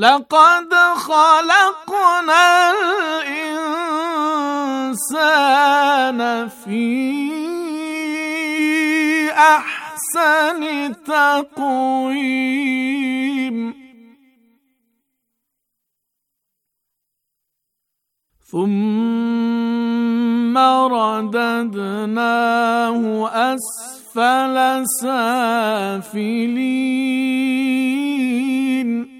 لقد خلقنا الانسان في احسن تقويم ثم رددناه اسفل سافلين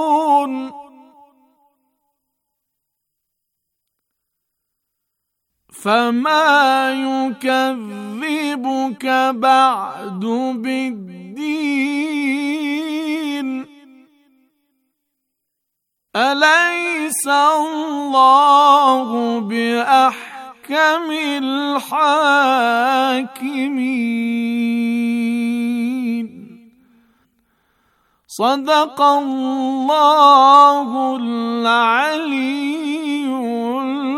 فما يكذبك بعد بالدين اليس الله باحكم الحاكمين صدق الله العليم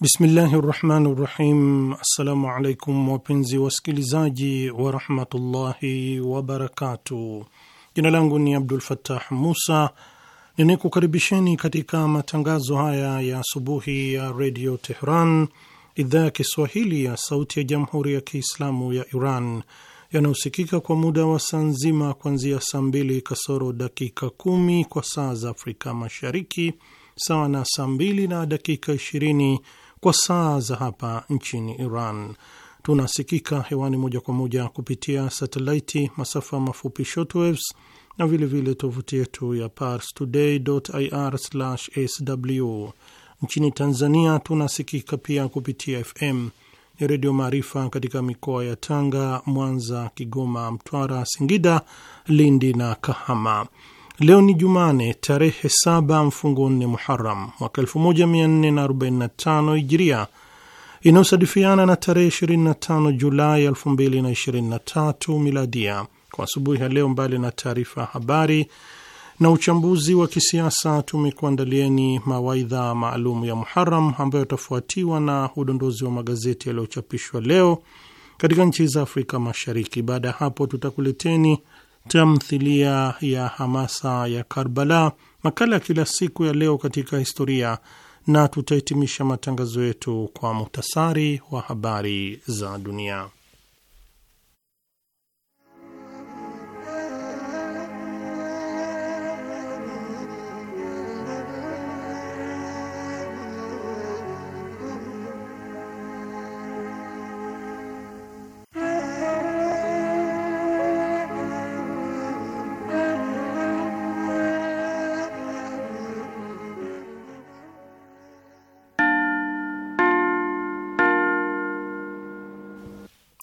Bismillahi rahmani rahim. Assalamu alaikum wapenzi wasikilizaji warahmatullahi wabarakatuh. Jina langu ni Abdul Fattah Musa, ninakukaribisheni katika matangazo haya ya asubuhi ya redio Tehran, idhaa ya Kiswahili ya sauti ya jamhuri ya Kiislamu ya Iran, yanayosikika kwa muda wa saa nzima kuanzia saa mbili kasoro dakika kumi kwa saa za Afrika Mashariki, sawa na saa mbili na dakika ishirini kwa saa za hapa nchini Iran. Tunasikika hewani moja kwa moja kupitia satelaiti, masafa mafupi shortwaves na vilevile tovuti yetu ya pars ir sw Nchini Tanzania tunasikika pia kupitia FM ni Redio Maarifa katika mikoa ya Tanga, Mwanza, Kigoma, Mtwara, Singida, Lindi na Kahama. Leo ni Jumane tarehe 7 mfungo nne Muharam mwaka 1445 Hijria inayosadifiana na tarehe 25 Julai 2023 Miladia. Kwa asubuhi ya leo, mbali na taarifa ya habari na uchambuzi wa kisiasa, tumekuandalieni mawaidha maalum ya Muharam ambayo yatafuatiwa na udondozi wa magazeti yaliyochapishwa leo katika nchi za Afrika Mashariki. Baada ya hapo, tutakuleteni tamthilia ya hamasa ya Karbala, makala ya kila siku ya leo katika historia, na tutahitimisha matangazo yetu kwa muhtasari wa habari za dunia.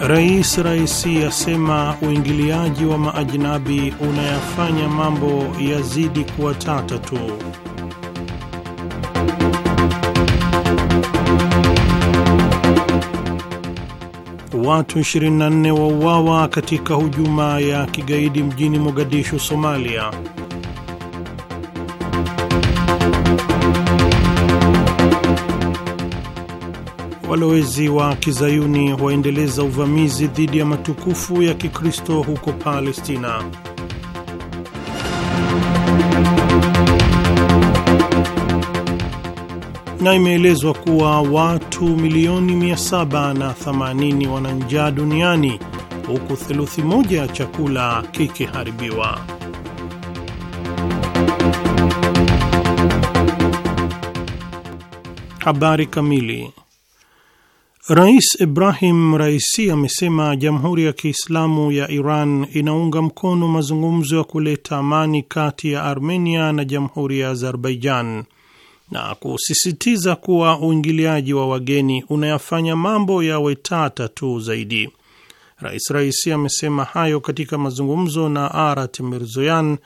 Rais Raisi asema uingiliaji wa maajnabi unayafanya mambo yazidi kuwa tata tu. Watu 24 wauawa katika hujuma ya kigaidi mjini Mogadishu, Somalia. Walowezi wa kizayuni waendeleza uvamizi dhidi ya matukufu ya Kikristo huko Palestina. Na imeelezwa kuwa watu milioni 780 wana njaa duniani huku theluthi moja ya chakula kikiharibiwa. Habari kamili Rais Ibrahim Raisi amesema Jamhuri ya Kiislamu ya Iran inaunga mkono mazungumzo ya kuleta amani kati ya Armenia na Jamhuri ya Azerbaijan na kusisitiza kuwa uingiliaji wa wageni unayafanya mambo yawe tata tu zaidi. Rais Raisi amesema hayo katika mazungumzo na Arat Mirzoyan,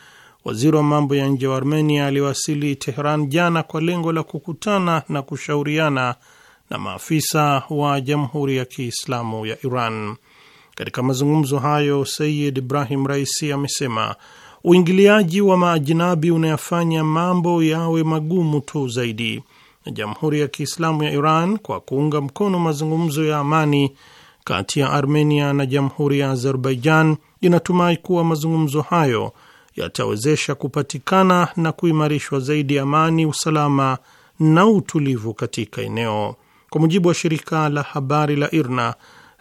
waziri wa mambo ya nje wa Armenia aliwasili Teheran jana kwa lengo la kukutana na kushauriana na maafisa wa Jamhuri ya Kiislamu ya Iran. Katika mazungumzo hayo, Sayid Ibrahim Raisi amesema uingiliaji wa maajinabi unayafanya mambo yawe magumu tu zaidi, na Jamhuri ya Kiislamu ya Iran kwa kuunga mkono mazungumzo ya amani kati ya Armenia na Jamhuri ya Azerbaijan inatumai kuwa mazungumzo hayo yatawezesha kupatikana na kuimarishwa zaidi amani, usalama na utulivu katika eneo. Kwa mujibu wa shirika la habari la IRNA,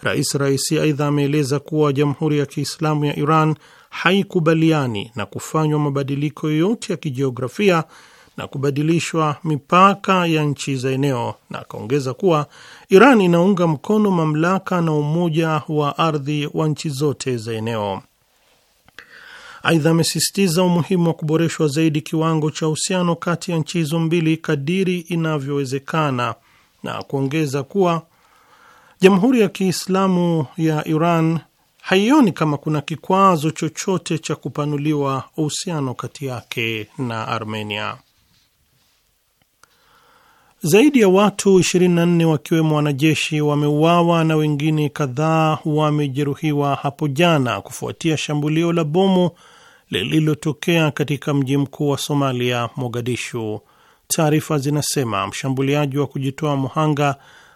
Rais Raisi aidha ameeleza kuwa Jamhuri ya Kiislamu ya Iran haikubaliani na kufanywa mabadiliko yoyote ya kijiografia na kubadilishwa mipaka ya nchi za eneo, na akaongeza kuwa Iran inaunga mkono mamlaka na umoja wa ardhi wa nchi zote za eneo. Aidha, amesisitiza umuhimu wa kuboreshwa zaidi kiwango cha uhusiano kati ya nchi hizo mbili kadiri inavyowezekana na kuongeza kuwa Jamhuri ya Kiislamu ya Iran haioni kama kuna kikwazo chochote cha kupanuliwa uhusiano kati yake na Armenia. Zaidi ya watu 24 wakiwemo wanajeshi wameuawa na wengine kadhaa wamejeruhiwa hapo jana kufuatia shambulio la bomu lililotokea katika mji mkuu wa Somalia, Mogadishu. Taarifa zinasema mshambuliaji wa kujitoa muhanga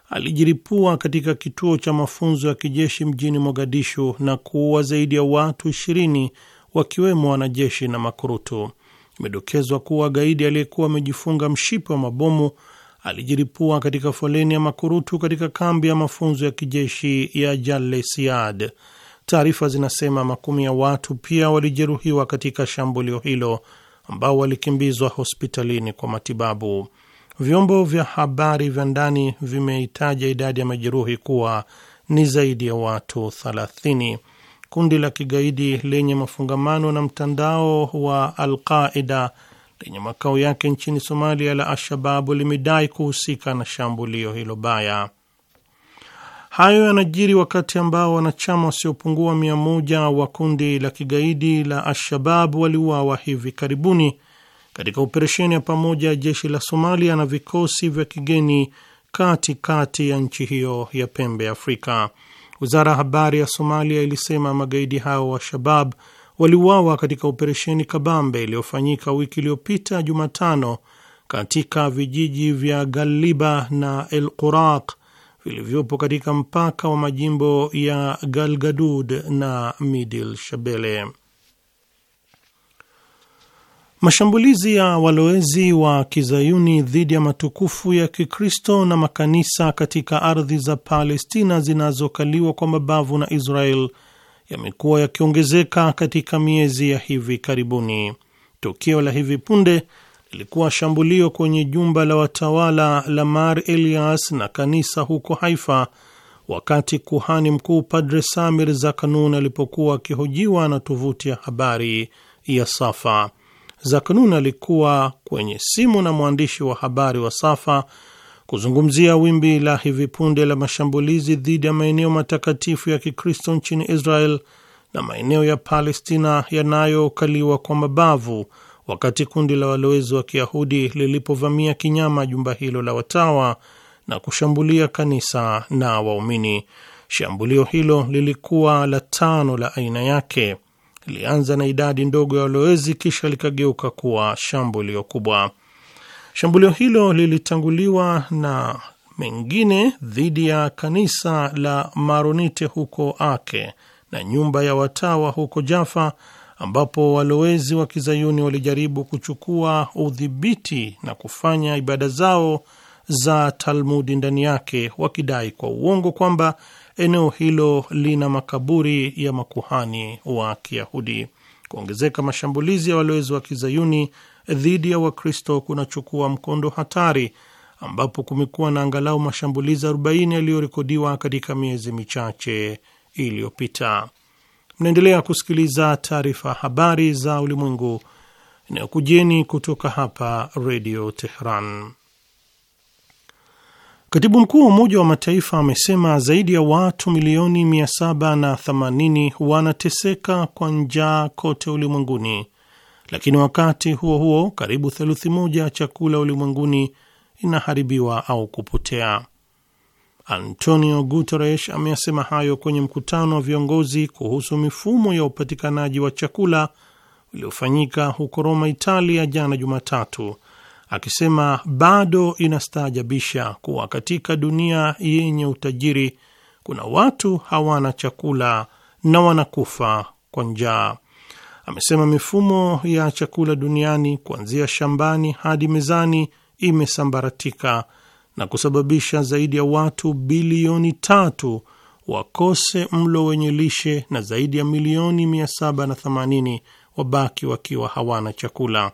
alijiripua katika kituo cha mafunzo ya kijeshi mjini Mogadishu na kuua zaidi ya watu 20 wakiwemo wanajeshi na makurutu. Imedokezwa kuwa gaidi aliyekuwa amejifunga mshipi wa mabomu alijiripua katika foleni ya makurutu katika kambi ya mafunzo ya kijeshi ya Jale Siad. Taarifa zinasema makumi ya watu pia walijeruhiwa katika shambulio hilo ambao walikimbizwa hospitalini kwa matibabu. Vyombo vya habari vya ndani vimeitaja idadi ya majeruhi kuwa ni zaidi ya watu 30. Kundi la kigaidi lenye mafungamano na mtandao wa Alqaida lenye makao yake nchini Somalia la Alshababu limedai kuhusika na shambulio hilo baya. Hayo yanajiri wakati ambao wanachama wasiopungua mia moja wa kundi la kigaidi la alshabab waliuawa hivi karibuni katika operesheni ya pamoja ya jeshi la Somalia na vikosi vya kigeni katikati kati ya nchi hiyo ya pembe Afrika. Wizara ya habari ya Somalia ilisema magaidi hao wa Shabab waliuawa katika operesheni kabambe iliyofanyika wiki iliyopita Jumatano katika vijiji vya Galiba na El Quraq vilivyopo katika mpaka wa majimbo ya Galgadud na Midil shabele Mashambulizi ya walowezi wa kizayuni dhidi ya matukufu ya Kikristo na makanisa katika ardhi za Palestina zinazokaliwa kwa mabavu na Israel yamekuwa yakiongezeka katika miezi ya hivi karibuni. Tukio la hivi punde ilikuwa shambulio kwenye jumba la watawala la Mar Elias na kanisa huko Haifa wakati kuhani mkuu Padre Samir Zakanun alipokuwa akihojiwa na tovuti ya habari ya Safa. Zakanun alikuwa kwenye simu na mwandishi wa habari wa Safa kuzungumzia wimbi la hivi punde la mashambulizi dhidi ya maeneo matakatifu ya Kikristo nchini Israel na maeneo ya Palestina yanayokaliwa kwa mabavu wakati kundi la walowezi wa Kiyahudi lilipovamia kinyama jumba hilo la watawa na kushambulia kanisa na waumini. Shambulio hilo lilikuwa la tano la aina yake. Lilianza na idadi ndogo ya walowezi, kisha likageuka kuwa shambulio kubwa. Shambulio hilo lilitanguliwa na mengine dhidi ya kanisa la Maronite huko Ake na nyumba ya watawa huko Jaffa ambapo walowezi wa kizayuni walijaribu kuchukua udhibiti na kufanya ibada zao za Talmudi ndani yake, wakidai kwa uongo kwamba eneo hilo lina makaburi ya makuhani wa Kiyahudi. Kuongezeka mashambulizi ya walowezi wa kizayuni dhidi ya Wakristo kunachukua mkondo hatari, ambapo kumekuwa na angalau mashambulizi 40 yaliyorekodiwa katika miezi michache iliyopita. Mnaendelea kusikiliza taarifa habari za ulimwengu inayokujeni kutoka hapa Redio Teheran. Katibu mkuu wa Umoja wa Mataifa amesema zaidi ya watu milioni 780 wanateseka kwa njaa kote ulimwenguni, lakini wakati huo huo karibu theluthi moja ya chakula ulimwenguni inaharibiwa au kupotea. Antonio Guterres ameyasema hayo kwenye mkutano wa viongozi kuhusu mifumo ya upatikanaji wa chakula uliofanyika huko Roma, Italia jana Jumatatu, akisema bado inastaajabisha kuwa katika dunia yenye utajiri kuna watu hawana chakula na wanakufa kwa njaa. Amesema mifumo ya chakula duniani kuanzia shambani hadi mezani imesambaratika na kusababisha zaidi ya watu bilioni tatu wakose mlo wenye lishe na zaidi ya milioni 780 wabaki wakiwa hawana chakula.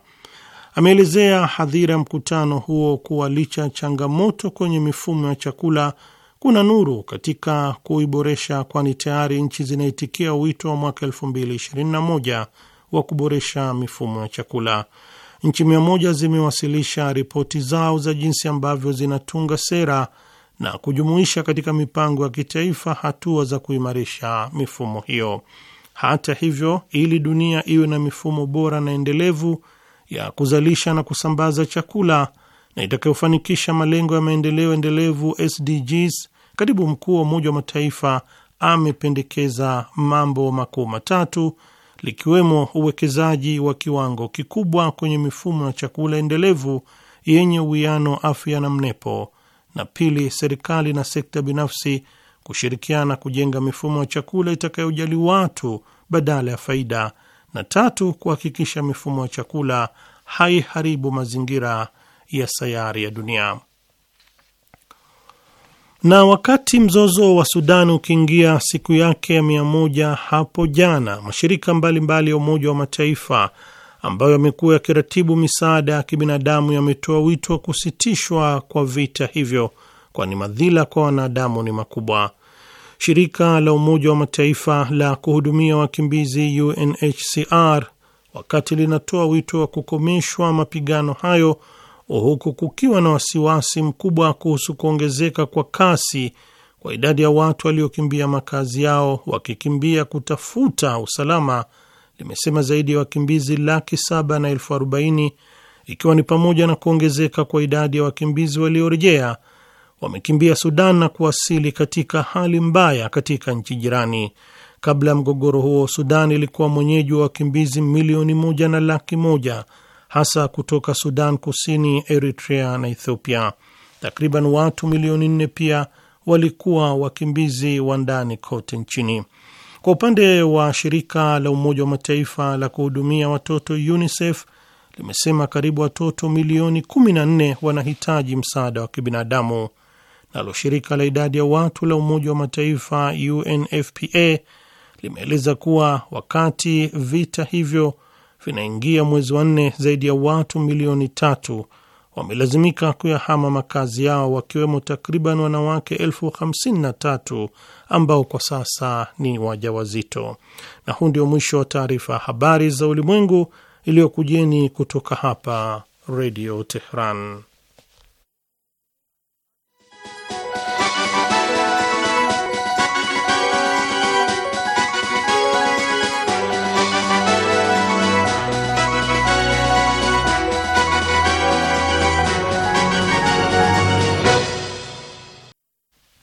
Ameelezea hadhira ya mkutano huo kuwa licha ya changamoto kwenye mifumo ya chakula, kuna nuru katika kuiboresha, kwani tayari nchi zinaitikia wito wa mwaka 2021 wa kuboresha mifumo ya chakula nchi mia moja zimewasilisha ripoti zao za jinsi ambavyo zinatunga sera na kujumuisha katika mipango ya kitaifa hatua za kuimarisha mifumo hiyo. Hata hivyo, ili dunia iwe na mifumo bora na endelevu ya kuzalisha na kusambaza chakula na itakayofanikisha malengo ya maendeleo endelevu SDGs, katibu mkuu wa Umoja wa Mataifa amependekeza mambo makuu matatu likiwemo uwekezaji wa kiwango kikubwa kwenye mifumo ya chakula endelevu yenye uwiano afya na mnepo, na pili, serikali na sekta binafsi kushirikiana kujenga mifumo ya chakula itakayojali watu badala ya faida, na tatu, kuhakikisha mifumo ya chakula haiharibu mazingira ya sayari ya dunia. Na wakati mzozo wa Sudan ukiingia siku yake ya mia moja hapo jana, mashirika mbalimbali ya mbali Umoja wa Mataifa ambayo yamekuwa yakiratibu misaada ya kibinadamu yametoa wito wa kusitishwa kwa vita hivyo, kwani madhila kwa wanadamu ni makubwa. Shirika la Umoja wa Mataifa la kuhudumia wakimbizi UNHCR wakati linatoa wito wa kukomeshwa mapigano hayo huku kukiwa na wasiwasi mkubwa kuhusu kuongezeka kwa kasi kwa idadi ya watu waliokimbia makazi yao wakikimbia kutafuta usalama, limesema zaidi ya wakimbizi laki saba na elfu arobaini ikiwa ni pamoja na kuongezeka kwa idadi ya wakimbizi waliorejea wamekimbia Sudan na kuwasili katika hali mbaya katika nchi jirani. Kabla ya mgogoro huo, Sudan ilikuwa mwenyeji wa wakimbizi milioni moja na laki moja hasa kutoka Sudan Kusini, Eritrea na Ethiopia. Takriban watu milioni nne pia walikuwa wakimbizi wa ndani kote nchini. Kwa upande wa shirika la Umoja wa Mataifa la kuhudumia watoto UNICEF limesema karibu watoto milioni 14 wanahitaji msaada wa kibinadamu. Nalo shirika la idadi ya watu la Umoja wa Mataifa UNFPA limeeleza kuwa wakati vita hivyo vinaingia mwezi wa nne, zaidi ya watu milioni tatu wamelazimika kuyahama makazi yao, wakiwemo takriban wanawake elfu hamsini na tatu ambao kwa sasa ni wajawazito. Na huu ndio mwisho wa taarifa ya habari za ulimwengu iliyokujeni kutoka hapa Redio Tehran.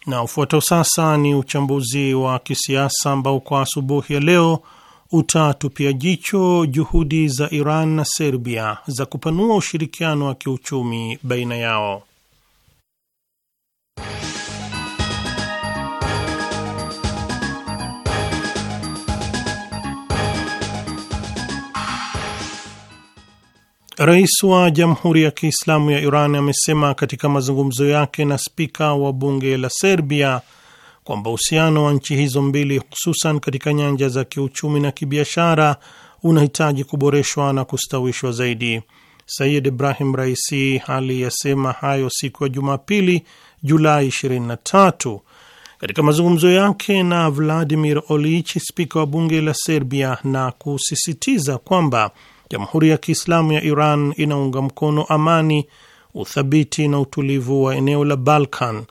Na ufuatao sasa ni uchambuzi wa kisiasa ambao kwa asubuhi ya leo utatupia jicho juhudi za Iran na Serbia za kupanua ushirikiano wa kiuchumi baina yao. Rais wa Jamhuri ya Kiislamu ya Iran amesema katika mazungumzo yake na spika wa bunge la Serbia kwamba uhusiano wa nchi hizo mbili, hususan katika nyanja za kiuchumi na kibiashara, unahitaji kuboreshwa na kustawishwa zaidi. Sayid Ibrahim Raisi aliyasema hayo siku ya Jumapili, Julai 23 katika mazungumzo yake na Vladimir Olich, spika wa bunge la Serbia, na kusisitiza kwamba Jamhuri ya Kiislamu ya Iran inaunga mkono amani, uthabiti na utulivu wa eneo la Balkan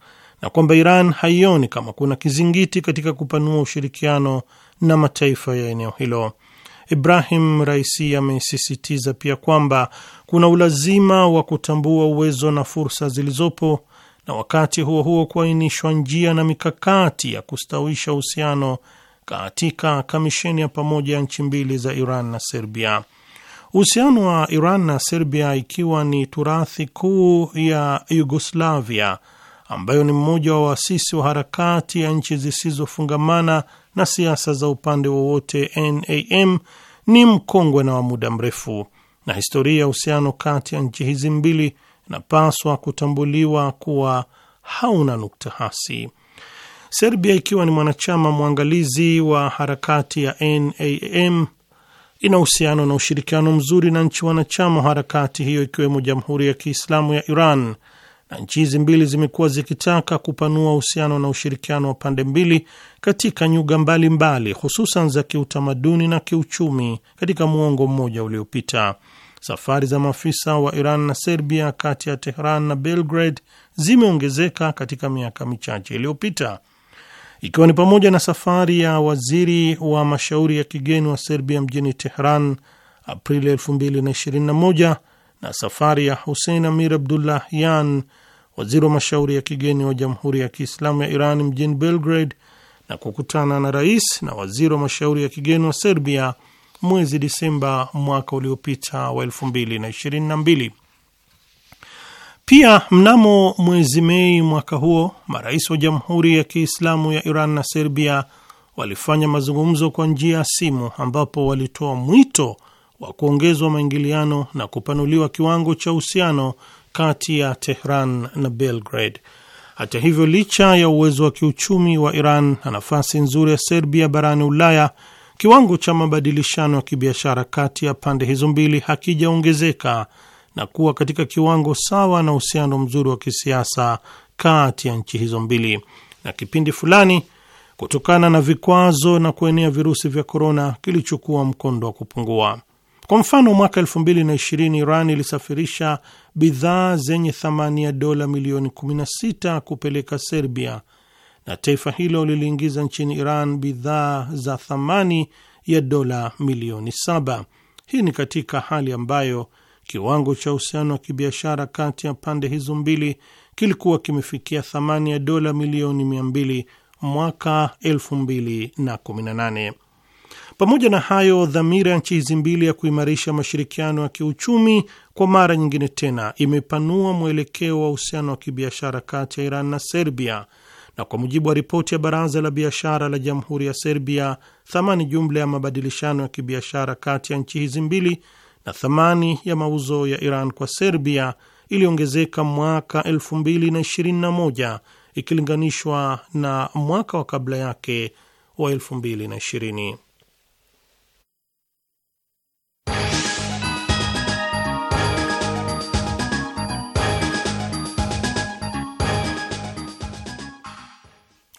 na kwamba Iran haioni kama kuna kizingiti katika kupanua ushirikiano na mataifa ya eneo hilo. Ibrahim Raisi amesisitiza pia kwamba kuna ulazima wa kutambua uwezo na fursa zilizopo na wakati huo huo kuainishwa njia na mikakati ya kustawisha uhusiano katika kamisheni ya pamoja ya nchi mbili za Iran na Serbia. Uhusiano wa Iran na Serbia, ikiwa ni turathi kuu ya Yugoslavia ambayo ni mmoja wa waasisi wa harakati ya nchi zisizofungamana na siasa za upande wowote NAM, ni mkongwe na wa muda mrefu, na historia ya uhusiano kati ya nchi hizi mbili inapaswa kutambuliwa kuwa hauna nukta hasi. Serbia ikiwa ni mwanachama mwangalizi wa harakati ya NAM ina uhusiano na ushirikiano mzuri na nchi wanachama harakati hiyo ikiwemo Jamhuri ya Kiislamu ya Iran, na nchi hizi mbili zimekuwa zikitaka kupanua uhusiano na ushirikiano wa pande mbili katika nyuga mbalimbali, hususan za kiutamaduni na kiuchumi katika muongo mmoja uliopita. Safari za maafisa wa Iran na Serbia kati ya Tehran na Belgrade zimeongezeka katika miaka michache iliyopita ikiwa ni pamoja na safari ya waziri wa mashauri ya kigeni wa Serbia mjini Tehran Aprili 2021 na safari ya Hussein Amir yan waziri wa mashauri ya kigeni wa Jamhuri ya Kiislamu ya Iran mjini Belgrade na kukutana na rais na waziri wa mashauri ya kigeni wa Serbia mwezi Disemba mwaka uliopita wa 2022. Pia mnamo mwezi Mei mwaka huo marais wa Jamhuri ya Kiislamu ya Iran na Serbia walifanya mazungumzo kwa njia ya simu, ambapo walitoa mwito wa kuongezwa maingiliano na kupanuliwa kiwango cha uhusiano kati ya Tehran na Belgrade. Hata hivyo, licha ya uwezo wa kiuchumi wa Iran na nafasi nzuri ya Serbia barani Ulaya, kiwango cha mabadilishano ya kibiashara kati ya pande hizo mbili hakijaongezeka na kuwa katika kiwango sawa na uhusiano mzuri wa kisiasa kati ya nchi hizo mbili. Na kipindi fulani, kutokana na vikwazo na kuenea virusi vya korona, kilichukua mkondo wa kupungua. Kwa mfano, mwaka 2020 Iran ilisafirisha bidhaa zenye thamani ya dola milioni 16 kupeleka Serbia, na taifa hilo liliingiza nchini Iran bidhaa za thamani ya dola milioni 7. Hii ni katika hali ambayo kiwango cha uhusiano wa kibiashara kati ya pande hizo mbili kilikuwa kimefikia thamani ya dola milioni 200 mwaka 2018. Pamoja na hayo, dhamira ya nchi hizi mbili ya kuimarisha mashirikiano ya kiuchumi kwa mara nyingine tena imepanua mwelekeo wa uhusiano wa kibiashara kati ya Iran na Serbia, na kwa mujibu wa ripoti ya Baraza la Biashara la Jamhuri ya Serbia, thamani jumla ya mabadilishano ya kibiashara kati ya nchi hizi mbili na thamani ya mauzo ya Iran kwa Serbia iliongezeka mwaka 2021 ikilinganishwa na mwaka wa kabla yake wa 2020.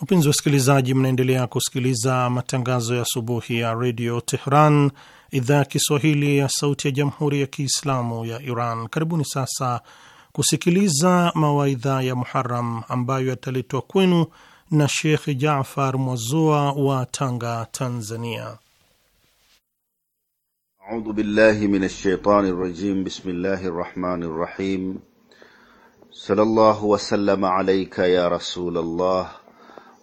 Wapenzi wasikilizaji, mnaendelea kusikiliza matangazo ya asubuhi ya redio Tehran, idhaa ya Kiswahili ya Sauti ya Jamhuri ya Kiislamu ya Iran. Karibuni sasa kusikiliza mawaidha ya Muharam ambayo yataletwa kwenu na Shekh Jafar Mwazua wa Tanga, Tanzania. Audhu billahi min shaitani rajim. Bismillahi rahmani rahim. Sallallahu wasalama alaika ya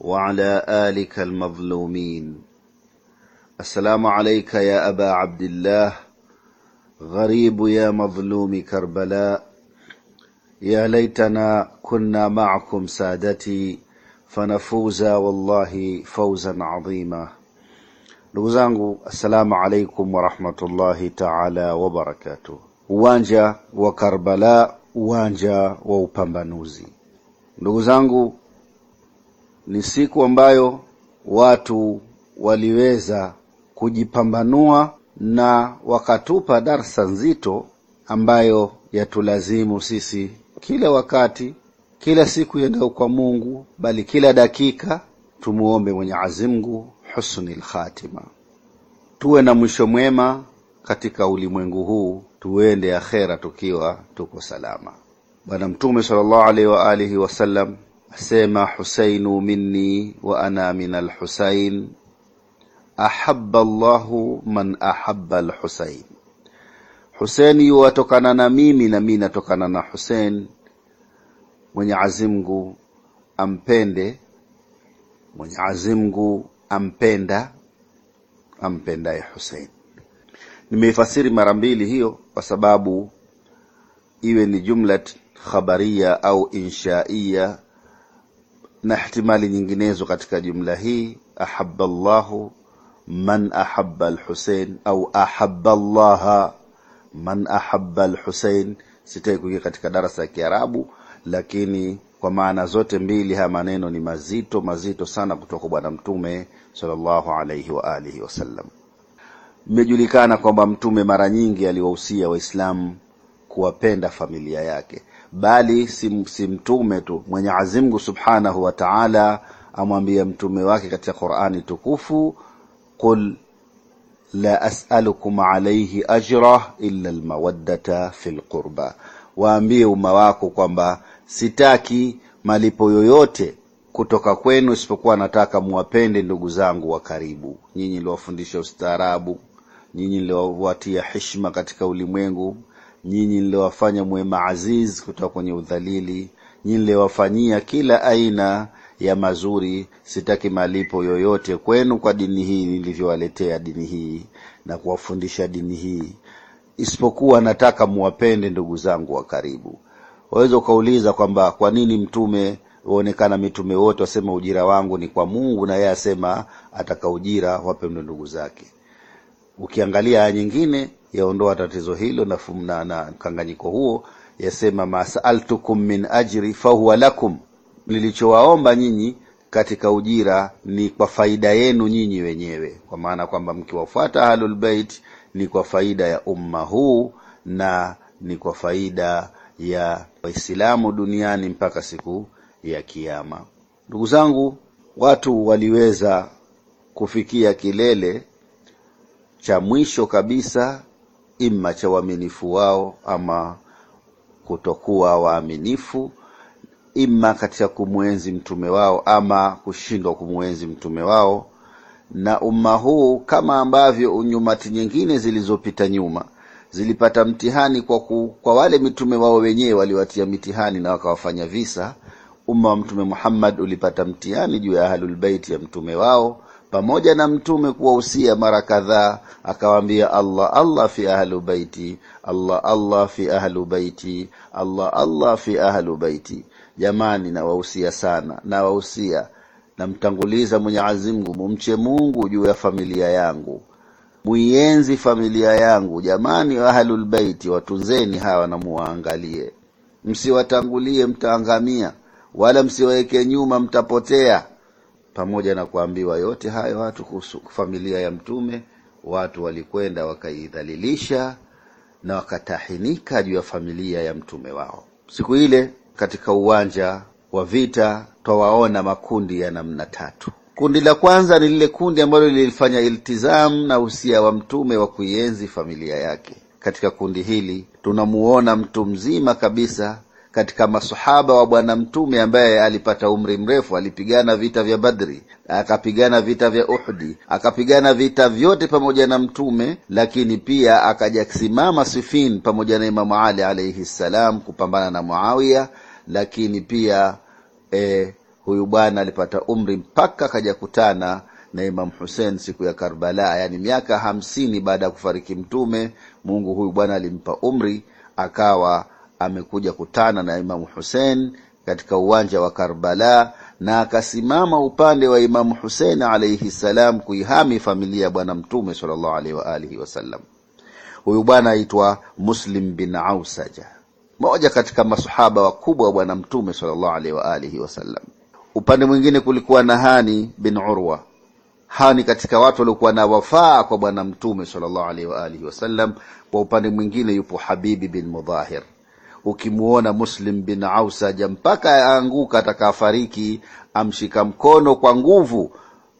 wa ala alika almadhlumin السلام عليك يا أبا عبد الله غريب يا مظلوم كربلاء يا ليتنا كنا معكم سادتي فنفوز والله فوزا عظيما ndugu zangu assalamu alaikum warahmatullahi taala wabarakatuh uwanja wa karbala uwanja wa upambanuzi ndugu zangu ni siku ambayo watu waliweza kujipambanua na wakatupa darsa nzito ambayo yatulazimu sisi kila wakati, kila siku yendao kwa Mungu, bali kila dakika tumuombe Mwenyezi Mungu husnul khatima, tuwe na mwisho mwema katika ulimwengu huu, tuende akhera tukiwa tuko salama. Bwana Mtume sallallahu alaihi wa alihi wasallam asema, husainu minni wa ana min alhusain ahabba llahu man ahabba lhusain, husayn yuwatokana na mimi na mimi natokana na Husein. Mwenyezi Mungu ampende, Mwenyezi Mungu ampenda ampendaye Husein. Nimeifasiri mara mbili hiyo kwa sababu iwe ni jumla khabaria au inshaia na ihtimali nyinginezo katika jumla hii ahabba llahu man ahabba alhusein au ahabba allaha man ahabba alhusein sitaki kuingia katika darasa ya kiarabu lakini kwa maana zote mbili haya maneno ni mazito mazito sana kutoka kwa bwana mtume sallallahu alaihi wa alihi wasallam imejulikana kwamba mtume mara nyingi aliwahusia waislamu kuwapenda familia yake bali si, si mtume tu mwenye azimgu subhanahu wa taala amwambia mtume wake katika qurani tukufu قل la as'alukum alaihi ajra illa almawaddata fi qurba, waambie umma wako kwamba sitaki malipo yoyote kutoka kwenu isipokuwa nataka muwapende ndugu zangu wa karibu. Nyinyi niliwafundisha ustaarabu, nyinyi niliwatia heshima katika ulimwengu, nyinyi niliwafanya mwema maaziz kutoka kwenye udhalili, nyinyi niliwafanyia kila aina ya mazuri, sitaki malipo yoyote kwenu kwa dini hii nilivyowaletea dini hii na kuwafundisha dini hii, isipokuwa nataka muwapende ndugu zangu wa karibu. Waweza ukauliza kwamba kwa nini mtume waonekana mitume wote wasema ujira wangu ni kwa Mungu, na yeye asema ataka ujira wapendwe ndugu zake. Ukiangalia aya nyingine yaondoa tatizo hilo na mkanganyiko huo, yasema masaltukum min ajri fahuwa lakum nilichowaomba nyinyi katika ujira ni kwa faida yenu nyinyi wenyewe, kwa maana kwamba mkiwafuata Ahlul Bait ni kwa faida ya umma huu na ni kwa faida ya Waislamu duniani mpaka siku ya kiama Ndugu zangu, watu waliweza kufikia kilele cha mwisho kabisa, imma cha uaminifu wao ama kutokuwa waaminifu ima katika kumwenzi mtume wao ama kushindwa kumwenzi mtume wao na umma huu kama ambavyo unyumati nyingine zilizopita nyuma zilipata mtihani kwa, ku, kwa wale mitume wao wenyewe waliwatia mitihani na wakawafanya visa umma wa mtume Muhammad ulipata mtihani juu ya ahlulbeiti ya mtume wao pamoja na mtume kuwahusia mara kadhaa akawaambia Allah Allah fi ahlu baiti Allah Allah fi ahlu baiti Allah Allah fi ahlu baiti Jamani, nawahusia sana, nawahusia namtanguliza Mwenyezi Mungu, mumche Mungu juu ya familia yangu, muienzi familia yangu. Jamani, ahlul baiti, watunzeni hawa na muwaangalie, msiwatangulie mtaangamia, wala msiwaweke nyuma mtapotea. Pamoja na kuambiwa yote hayo watu kuhusu familia ya Mtume, watu walikwenda wakaidhalilisha na wakatahinika juu ya familia ya mtume wao siku ile katika uwanja wa vita twawaona makundi ya namna tatu. Kundi la kwanza ni lile kundi ambalo lilifanya iltizamu na usia wa Mtume wa kuienzi familia yake. Katika kundi hili tunamuona mtu mzima kabisa katika masahaba wa Bwana Mtume ambaye alipata umri mrefu, alipigana vita vya Badri, akapigana vita vya uhudi akapigana vita vyote pamoja na Mtume, lakini pia akajasimama Sifin pamoja na Imamu Ali alaihi ssalam kupambana na Muawiya lakini pia e, huyu bwana alipata umri mpaka akajakutana na Imam Hussein siku ya Karbala, yani miaka hamsini baada ya kufariki Mtume. Mungu huyu bwana alimpa umri akawa amekuja kutana na Imam Hussein katika uwanja wa Karbala, na akasimama upande wa Imam Hussein alayhi salam kuihami familia ya bwana Mtume sallallahu alaihi wa alihi wasallam. Huyu bwana aitwa Muslim bin Ausaja moja katika masahaba wakubwa wa Bwana Mtume sallallahu alaihi wa alihi wasallam. Upande mwingine kulikuwa na Hani bin Urwa. Hani katika watu waliokuwa na wafaa kwa Bwana Mtume sallallahu alaihi wa alihi wasallam. Kwa upande mwingine yupo Habibi bin Mudhahir. Ukimuona Muslim bin Ausaja mpaka aanguka atakafariki, amshika mkono kwa nguvu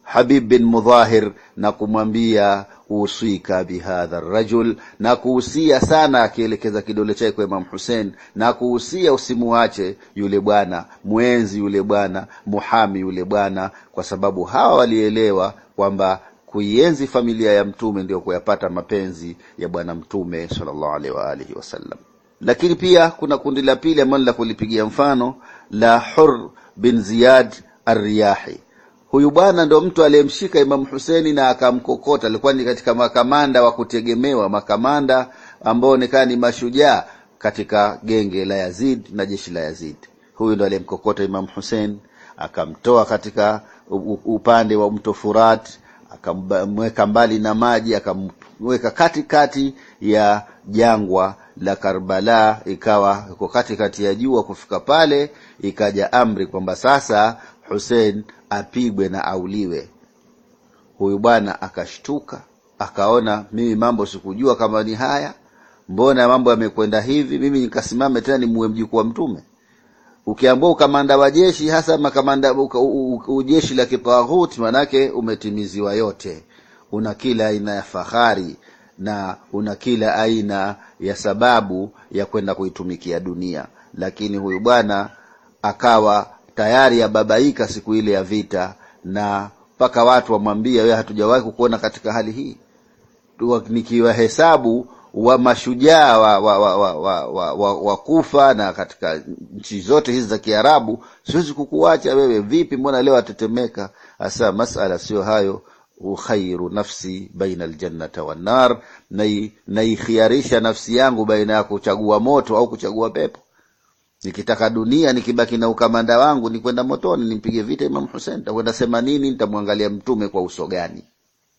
Habib bin Mudhahir na kumwambia usika bihadha rajul, na kuhusia sana, akielekeza kidole chake kwa Imam Hussein, na kuhusia usimuache yule bwana mwenzi, yule bwana muhami, yule bwana, kwa sababu hawa walielewa kwamba kuienzi familia ya Mtume ndio kuyapata mapenzi ya Bwana Mtume sallallahu alaihi wa alihi wasallam. Lakini pia kuna kundi la pili ambalo la kulipigia mfano la Hur bin Ziyad Arriyahi Huyu bwana ndo mtu aliyemshika imam Huseni na akamkokota. Alikuwa ni katika makamanda wa kutegemewa, makamanda ambao onekana ni mashujaa katika genge la Yazid na jeshi la Yazid. Huyu ndo aliyemkokota imam Hussein akamtoa katika upande wa mto Furat, akamweka mbali na maji, akamweka katikati ya jangwa la Karbala, ikawa iko katikati ya jua. Kufika pale, ikaja amri kwamba sasa Hussein apigwe na auliwe. Huyu bwana akashtuka, akaona mimi mambo sikujua kama ni haya, mbona mambo yamekwenda hivi? Mimi nikasimame tena nimuue mjukuu wa Mtume? Ukiambua ukamanda wa jeshi hasa makamanda ujeshi la kitaghuti, manake umetimiziwa yote, una kila aina ya fahari na una kila aina ya sababu ya kwenda kuitumikia dunia. Lakini huyu bwana akawa tayari yababaika siku ile ya vita, na mpaka watu wamwambia, wewe, hatujawahi kukuona katika hali hii. Nikiwahesabu wa mashujaa wa wa wa wa wa wa wa wakufa na katika nchi zote hizi za Kiarabu, siwezi kukuacha wewe. Vipi, mbona leo atetemeka? Hasa masala sio hayo ukhairu nafsi baina aljannata wannar, naikhiarisha nafsi yangu baina ya kuchagua moto au kuchagua pepo nikitaka dunia nikibaki na ukamanda wangu nikwenda motoni nimpige vita Imam husen takwenda semanini ntamwangalia mtume kwa uso gani?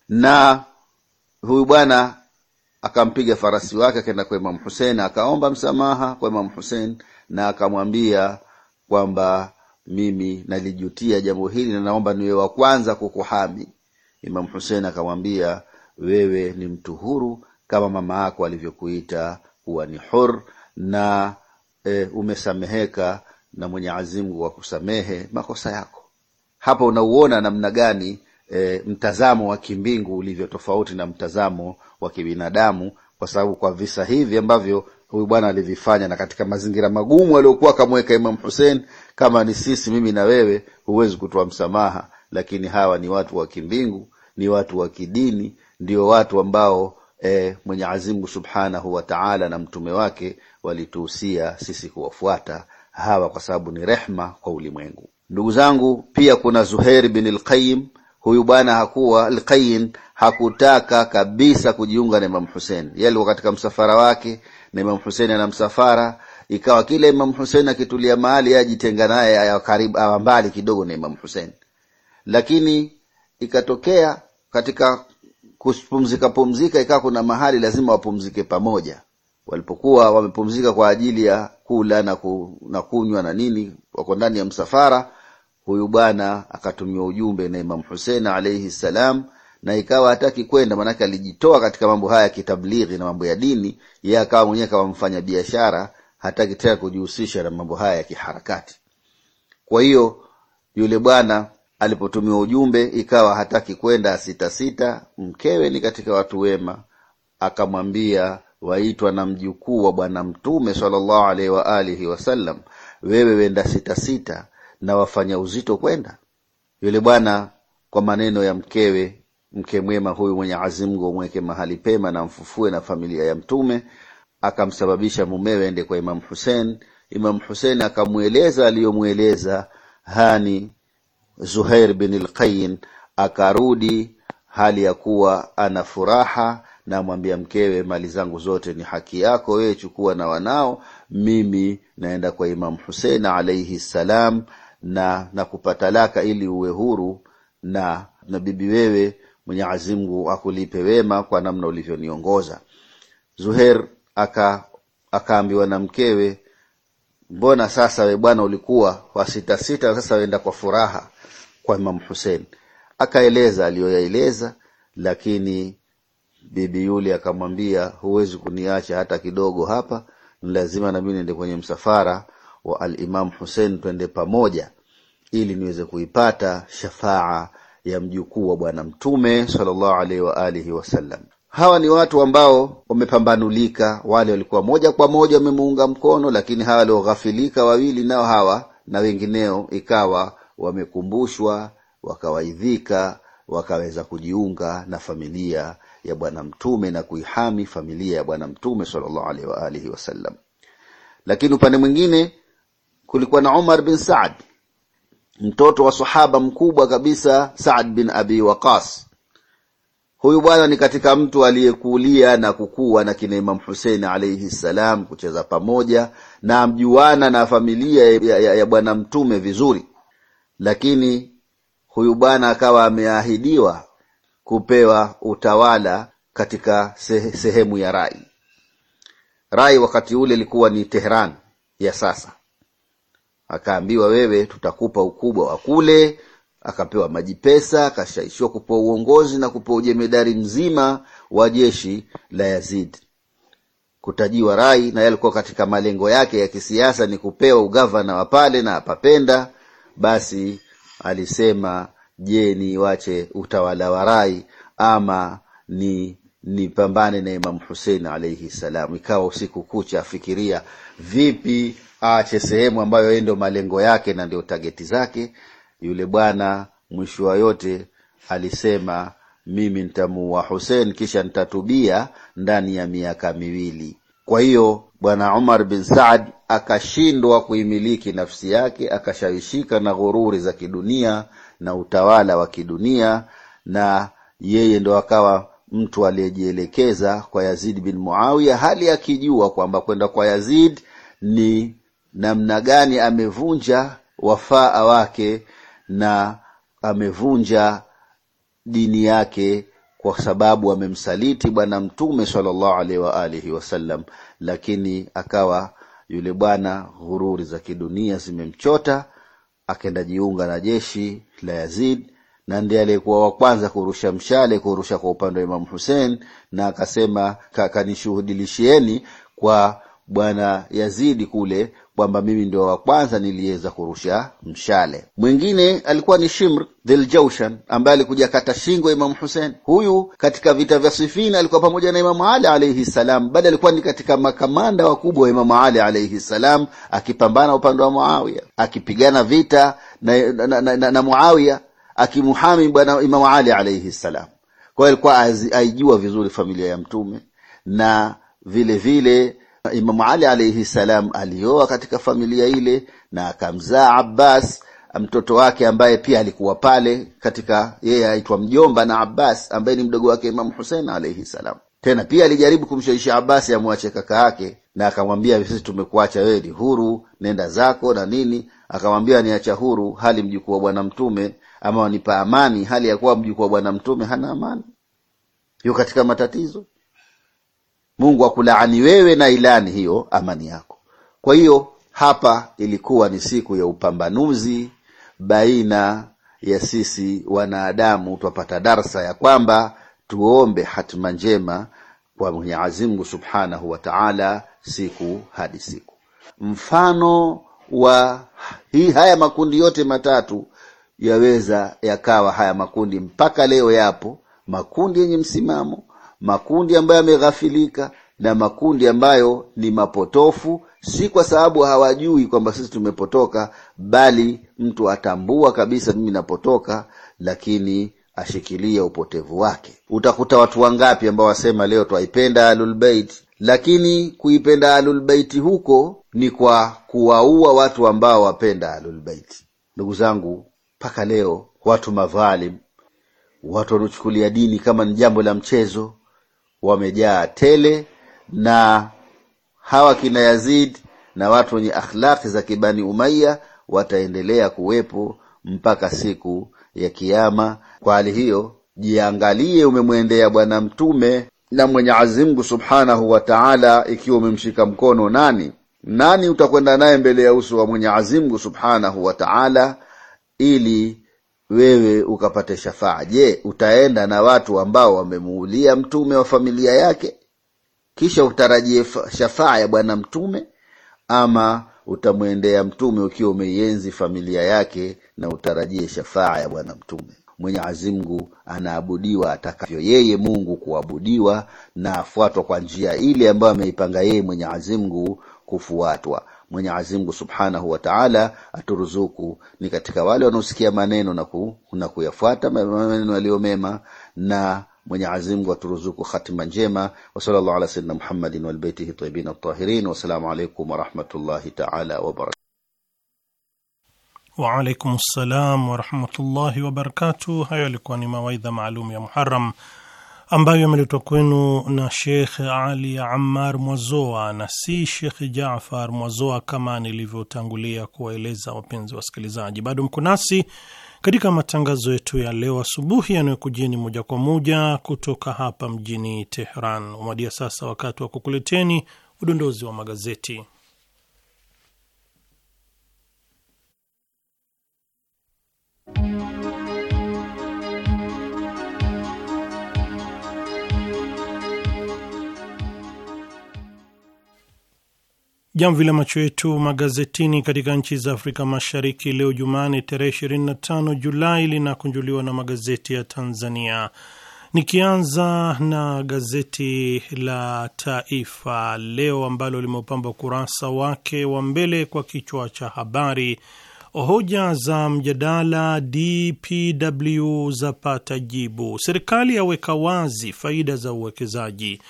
Na huyu bwana akampiga farasi wake akaenda kwa Imam husen akaomba msamaha kwa Imam husen na akamwambia kwamba mimi nalijutia jambo hili na naomba niwe wa kwanza kukuhami. Imam husen akamwambia, wewe ni mtu huru kama mama yako alivyokuita, huwa ni hur na e, umesameheka na mwenye azimu wa kusamehe makosa yako. Hapa unauona namna gani e, mtazamo wa kimbingu ulivyo tofauti na mtazamo wa kibinadamu, kwa sababu kwa visa hivi ambavyo huyu bwana alivifanya na katika mazingira magumu aliyokuwa akamweka Imam Hussein, kama ni sisi, mimi na wewe, huwezi kutoa msamaha, lakini hawa ni watu wa kimbingu, ni watu wa kidini, ndio watu ambao e, mwenye Mungu Subhanahu wa Ta'ala na mtume wake walituhusia sisi kuwafuata hawa kwa sababu ni rehma kwa ulimwengu. Ndugu zangu, pia kuna Zuheri bin lqayim Huyu bwana hakuwa lqayim hakutaka kabisa kujiunga na Imam husen Yeye alikuwa katika msafara wake na Imam Hussein ana msafara, ikawa kila Imam Hussein akitulia mahali ajitenga naye, aya karibu awa mbali kidogo na Imam husen Lakini ikatokea katika kupumzika pumzika, ikawa kuna mahali lazima wapumzike pamoja walipokuwa wamepumzika kwa ajili ya kula na, ku, na kunywa na nini, wako ndani ya msafara, huyu bwana akatumia ujumbe na Imam husein alaihi salam, na ikawa hataki kwenda, maanake alijitoa katika mambo haya ya kitablighi na mambo ya dini. Yeye akawa mwenyewe kama mfanya biashara, hataki tena kujihusisha na mambo haya ya kiharakati. Kwa hiyo yule bwana alipotumiwa ujumbe ikawa hataki kwenda, sitasita Mkewe ni katika watu wema, akamwambia waitwa na mjukuu wa Bwana Mtume sallallahu alaihi wa alihi wasallam, wewe wenda sita sita na wafanya uzito kwenda. Yule bwana kwa maneno ya mkewe, mke mwema huyu mwenye azimgo, mweke mahali pema na mfufue na familia ya Mtume, akamsababisha mumewe ende kwa Imamu Husein. Imamu Husein akamweleza aliyomweleza hani Zuhair bin Lqayin, akarudi hali ya kuwa ana furaha namwambia mkewe, mali zangu zote ni haki yako wewe, chukua na wanao, mimi naenda kwa imam Husein alaihi ssalam, na nakupa talaka ili uwe huru na na bibi wewe, Mwenyezi akulipe wema kwa namna ulivyoniongoza. Zuher aka akaambiwa na mkewe, mbona sasa we bwana ulikuwa sitasita sasa enda kwa furaha kwa imam Husein. Akaeleza aliyoyaeleza, lakini Bibi yule akamwambia, huwezi kuniacha hata kidogo hapa, ni lazima nami niende kwenye msafara wa alimamu Husein, twende pamoja ili niweze kuipata shafaa ya mjukuu wa Bwana Mtume sallallahu alaihi wa alihi wasallam. Hawa ni watu ambao wamepambanulika. Wale walikuwa moja kwa moja wamemuunga mkono, lakini hawa walioghafilika wawili nao hawa na wengineo, ikawa wamekumbushwa, wakawaidhika, wakaweza kujiunga na familia ya Bwana Mtume na kuihami familia ya Bwana Mtume sallallahu alaihi wa alihi wasallam. Lakini upande mwingine kulikuwa na Umar bin Saad, mtoto wa sahaba mkubwa kabisa Saad bin Abi Waqas. Huyu bwana ni katika mtu aliyekulia na kukua na kina Imam Hussein alaihi salam, kucheza pamoja na amjuana na familia ya, ya, ya Bwana Mtume vizuri, lakini huyu bwana akawa ameahidiwa kupewa utawala katika sehemu ya Rai. Rai wakati ule ilikuwa ni Tehran ya sasa. Akaambiwa, wewe tutakupa ukubwa wa kule, akapewa maji pesa, akashaishiwa kupewa uongozi na kupewa ujemedari mzima wa jeshi la Yazid. Kutajiwa Rai na alikuwa katika malengo yake ya kisiasa ni kupewa ugavana wa pale na apapenda, basi alisema je wache utawala wa rai ama ni nipambane na Imamu Husein alaihi salam. Ikawa usiku kucha afikiria vipi aache sehemu ambayo yeye malengo yake na ndio tageti zake. Yule bwana mwisho wa yote alisema mimi nitamuua Husein kisha nitatubia ndani ya miaka miwili. Kwa hiyo bwana Umar bin Saad akashindwa kuimiliki nafsi yake, akashawishika na ghururi za kidunia na utawala wa kidunia, na yeye ndo akawa mtu aliyejielekeza kwa Yazid bin Muawiya, hali akijua kwamba kwenda kwa Yazid ni namna gani amevunja wafaa wake na amevunja dini yake kwa sababu amemsaliti Bwana Mtume sallallahu alaihi wa alihi wasallam, lakini akawa yule bwana, ghururi za kidunia zimemchota, akaenda jiunga na jeshi la Yazid na ndiye aliyekuwa wa kwanza kurusha mshale, kurusha kwa upande wa Imamu Husein, na akasema kanishuhudilishieni kwa bwana Yazidi kule kwamba mimi ndio wa kwanza niliweza kurusha mshale. Mwingine alikuwa ni Shimr Dhil Jaushan ambaye alikuja kata shingo Imamu husen Huyu katika vita vya Sifin alikuwa pamoja na Imamu Ali alaihi ssalam bado alikuwa ni katika makamanda wakubwa wa Imamu Ali alaihi salam, akipambana upande wa Muawiya, akipigana vita na, na, na, na, na, Muawiya akimuhami bwana Imamu Ali alaihi salam. Kwa hiyo alikuwa aijua vizuri familia ya Mtume na vile vile Imamu Ali alaihi salam alioa katika familia ile na akamzaa Abbas mtoto wake ambaye pia alikuwa pale katika yeye aitwa mjomba na Abbas ambaye ni mdogo wake Imamu Husein alaihi salam. Tena pia alijaribu kumshawishi Abbas amwache kaka yake na akamwambia, sisi tumekuacha wewe, ni huru, nenda zako na nini. Akamwambia, niacha huru hali mjukuu wa Bwana Mtume, ama wanipa amani hali ya kuwa mjukuu wa Bwana Mtume hana amani, yuko katika matatizo. Mungu akulaani wewe na ilani hiyo amani yako. Kwa hiyo hapa ilikuwa ni siku ya upambanuzi baina ya sisi wanadamu, twapata darsa ya kwamba tuombe hatima njema kwa Mwenyezi Mungu Subhanahu wataala siku hadi siku. Mfano wa hii haya makundi yote matatu yaweza yakawa haya makundi mpaka leo yapo makundi yenye msimamo, makundi ambayo yameghafilika na makundi ambayo ni mapotofu, si kwa sababu hawajui kwamba sisi tumepotoka, bali mtu atambua kabisa, mimi napotoka, lakini ashikilia upotevu wake. Utakuta watu wangapi ambao wasema leo twaipenda Ahlulbeit, lakini kuipenda alulbeiti huko ni kwa kuwaua watu ambao wapenda alulbeiti ndugu zangu mpaka leo watu madhalim watu wanaochukulia dini kama ni jambo la mchezo wamejaa tele na hawa kina yazid na watu wenye akhlaki za kibani umaya wataendelea kuwepo mpaka siku ya kiama kwa hali hiyo jiangalie umemwendea bwana mtume na Mwenyezi Mungu Subhanahu wa Ta'ala, ikiwa umemshika mkono nani nani utakwenda naye mbele ya uso wa Mwenyezi Mungu Subhanahu wa Ta'ala ili wewe ukapate shafaa. Je, utaenda na watu ambao wamemuulia mtume wa familia yake, kisha utarajie shafaa ya bwana mtume, ama utamwendea mtume ukiwa umeienzi familia yake na utarajie shafaa ya bwana mtume? Mwenyezi Mungu anaabudiwa atakavyo yeye Mungu kuabudiwa na afuatwa kwa njia ile ambayo ameipanga yeye Mwenyezi Mungu kufuatwa. Mwenyezi Mungu Subhanahu wa Ta'ala aturuzuku ni katika wale wanaosikia maneno na, ku, na kuyafuata maneno yaliyo mema na Mwenyezi Mungu aturuzuku khatima njema. Wa sallallahu ala sayyidina Muhammadin wal baitihi tayyibin at-tahirin. Wassalamu alaykum wa rahmatullahi ta'ala wa barakatuh. Waalaikum ssalam warahmatullahi wabarakatu Hayo yalikuwa ni mawaidha maalum ya Muharam ambayo yameletwa kwenu na Shekh Ali Ammar Mwazoa na si Shekh Jafar Mwazoa kama nilivyotangulia kuwaeleza wapenzi wasikilizaji. Bado mko nasi katika matangazo yetu ya leo asubuhi yanayokujieni moja kwa moja kutoka hapa mjini Tehran. Umewadia sasa wakati wa kukuleteni udondozi wa magazeti. Jamvi la macho yetu magazetini katika nchi za Afrika Mashariki leo Jumane tarehe 25 Julai linakunjuliwa na magazeti ya Tanzania, nikianza na gazeti la Taifa Leo ambalo limeupamba ukurasa wake wa mbele kwa kichwa cha habari, hoja za mjadala DPW zapata jibu, serikali yaweka wazi faida za uwekezaji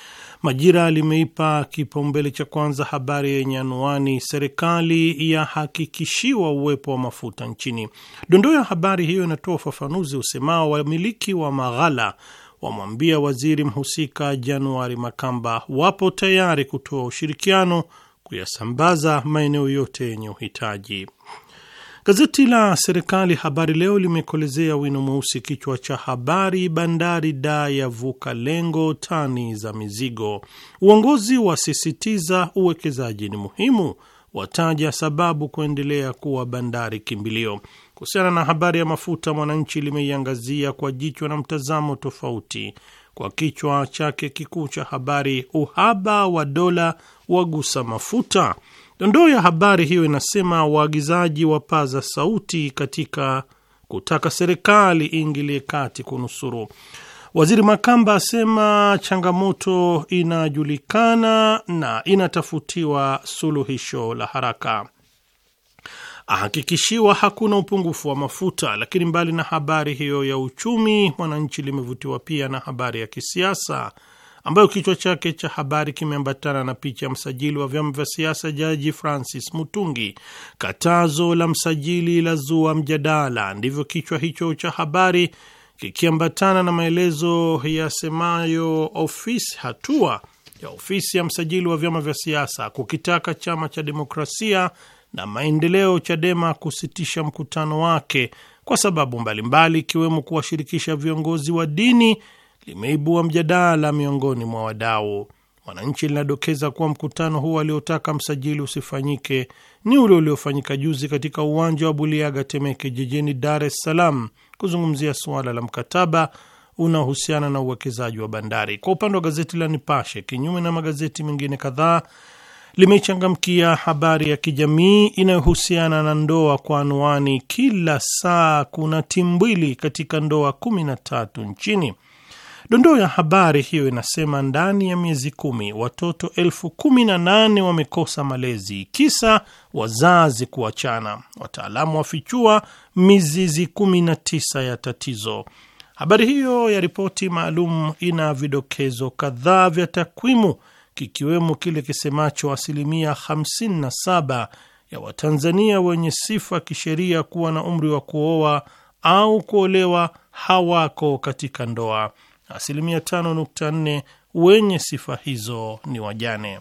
Majira limeipa kipaumbele cha kwanza habari yenye anwani serikali yahakikishiwa uwepo wa mafuta nchini. Dondoo ya habari hiyo inatoa ufafanuzi usemao wamiliki wa maghala wamwambia waziri mhusika Januari Makamba wapo tayari kutoa ushirikiano kuyasambaza maeneo yote yenye uhitaji. Gazeti la serikali Habari Leo limekolezea wino mweusi kichwa cha habari, bandari da yavuka lengo tani za mizigo, uongozi wasisitiza uwekezaji ni muhimu, wataja sababu kuendelea kuwa bandari kimbilio. Kuhusiana na habari ya mafuta, Mwananchi limeiangazia kwa jicho na mtazamo tofauti kwa kichwa chake kikuu cha habari, uhaba wa dola wagusa mafuta Dondoo ya habari hiyo inasema waagizaji za sauti katika kutaka serikali iingilie kati kunusuru. Waziri Makamba asema changamoto inajulikana na inatafutiwa suluhisho la haraka. Ahakikishiwa hakuna upungufu wa mafuta. Lakini mbali na habari hiyo ya uchumi, Mwananchi limevutiwa pia na habari ya kisiasa ambayo kichwa chake cha habari kimeambatana na picha ya msajili wa vyama vya siasa Jaji Francis Mutungi. Katazo la msajili la zua mjadala, ndivyo kichwa hicho cha habari kikiambatana na maelezo yasemayo ofisi hatua ya ofisi ya msajili wa vyama vya siasa kukitaka chama cha demokrasia na maendeleo Chadema kusitisha mkutano wake kwa sababu mbalimbali ikiwemo mbali kuwashirikisha viongozi wa dini limeibua mjadala miongoni mwa wadau. Mwananchi linadokeza kuwa mkutano huo aliotaka msajili usifanyike ni ule uliofanyika juzi katika uwanja wa Buliaga Temeke jijini Dar es Salaam kuzungumzia suala la mkataba unaohusiana na uwekezaji wa bandari. Kwa upande wa gazeti la Nipashe, kinyume na magazeti mengine kadhaa, limechangamkia habari ya kijamii inayohusiana na ndoa kwa anwani, kila saa kuna timbwili katika ndoa kumi na tatu nchini. Dondoo ya habari hiyo inasema ndani ya miezi kumi watoto elfu kumi na nane wamekosa malezi kisa wazazi kuachana. Wataalamu wafichua mizizi kumi na tisa ya tatizo. Habari hiyo ya ripoti maalum ina vidokezo kadhaa vya takwimu kikiwemo kile kisemacho asilimia 57 ya Watanzania wenye sifa kisheria kuwa na umri wa kuoa au kuolewa hawako katika ndoa asilimia 5.4 wenye sifa hizo ni wajane.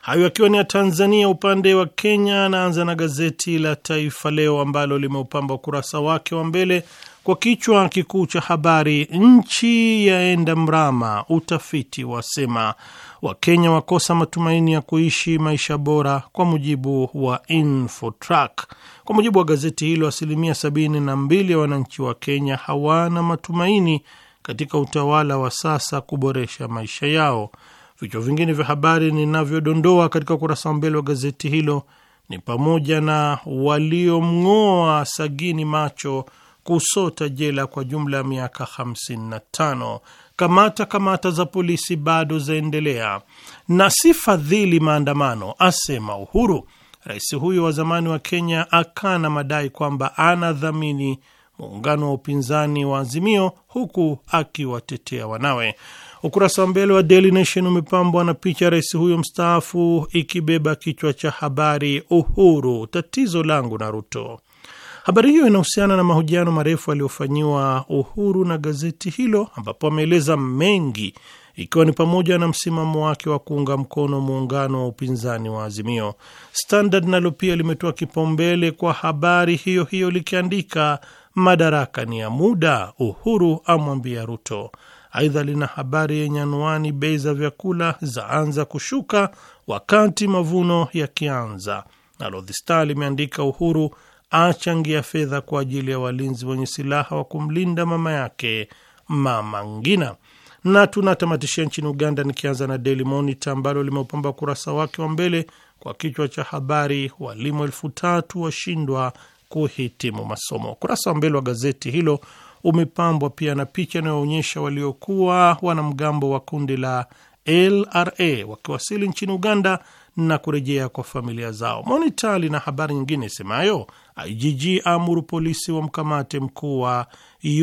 Hayo akiwa ni ya Tanzania. Upande wa Kenya, anaanza na gazeti la Taifa Leo ambalo limeupamba ukurasa wake wa mbele kwa kichwa kikuu cha habari, nchi yaenda mrama, utafiti wasema Wakenya wakosa matumaini ya kuishi maisha bora, kwa mujibu wa Infotrack. Kwa mujibu wa gazeti hilo, asilimia 72 ya wananchi wa Kenya hawana matumaini katika utawala wa sasa kuboresha maisha yao. Vichwa vingine vya habari ninavyodondoa katika ukurasa wa mbele wa gazeti hilo ni pamoja na waliomng'oa Sagini macho kusota jela kwa jumla ya miaka 55, kamata kamata za polisi bado zaendelea, na si fadhili maandamano, asema Uhuru. Rais huyo wa zamani wa Kenya akana madai kwamba anadhamini muungano wa upinzani wa Azimio, huku akiwatetea wanawe. Ukurasa wa mbele wa Daily Nation umepambwa na picha rais huyo mstaafu ikibeba kichwa cha habari, Uhuru tatizo langu na Ruto. Habari hiyo inahusiana na mahojiano marefu aliyofanyiwa Uhuru na gazeti hilo, ambapo ameeleza mengi, ikiwa ni pamoja na msimamo wake wa kuunga mkono muungano wa upinzani wa Azimio. Standard nalo pia limetoa kipaumbele kwa habari hiyo hiyo likiandika madaraka ni ya muda, Uhuru amwambia Ruto. Aidha, lina habari yenye anwani bei za vyakula zaanza kushuka wakati mavuno yakianza. Nalo The Star limeandika Uhuru achangia fedha kwa ajili ya walinzi wenye silaha wa kumlinda mama yake Mama Ngina. Na tunatamatishia nchini Uganda, nikianza na Daily Monitor ambalo limeupamba ukurasa wake wa mbele kwa kichwa cha habari, walimu elfu tatu washindwa kuhitimu masomo. Ukurasa wa mbele wa gazeti hilo umepambwa pia na picha inayoonyesha waliokuwa wanamgambo wa kundi la LRA wakiwasili nchini Uganda na kurejea kwa familia zao. Monita lina habari nyingine isemayo IGG amuru polisi wa mkamate mkuu wa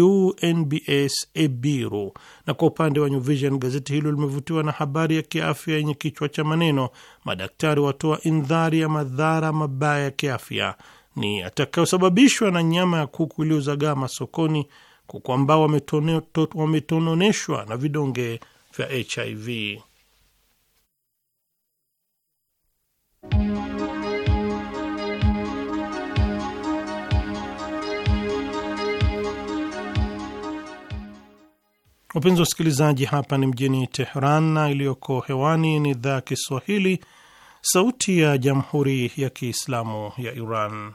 UNBS Ebiru. Na kwa upande wa New Vision, gazeti hilo limevutiwa na habari ya kiafya yenye kichwa cha maneno, madaktari watoa indhari ya madhara mabaya ya kiafya ni atakayosababishwa na nyama ya kuku iliyozagaa masokoni, kuku ambao wametononeshwa na vidonge vya HIV. Wapenzi wa wasikilizaji, hapa ni mjini Teheran na iliyoko hewani ni idhaa ya Kiswahili, Sauti ya Jamhuri ya Kiislamu ya Iran.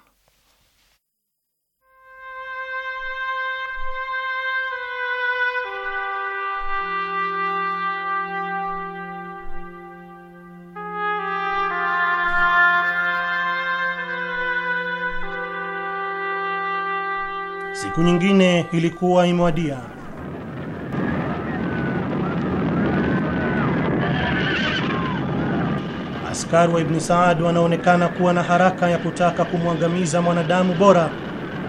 Siku nyingine ilikuwa imewadia. Askari wa Ibni Saad wanaonekana kuwa na haraka ya kutaka kumwangamiza mwanadamu bora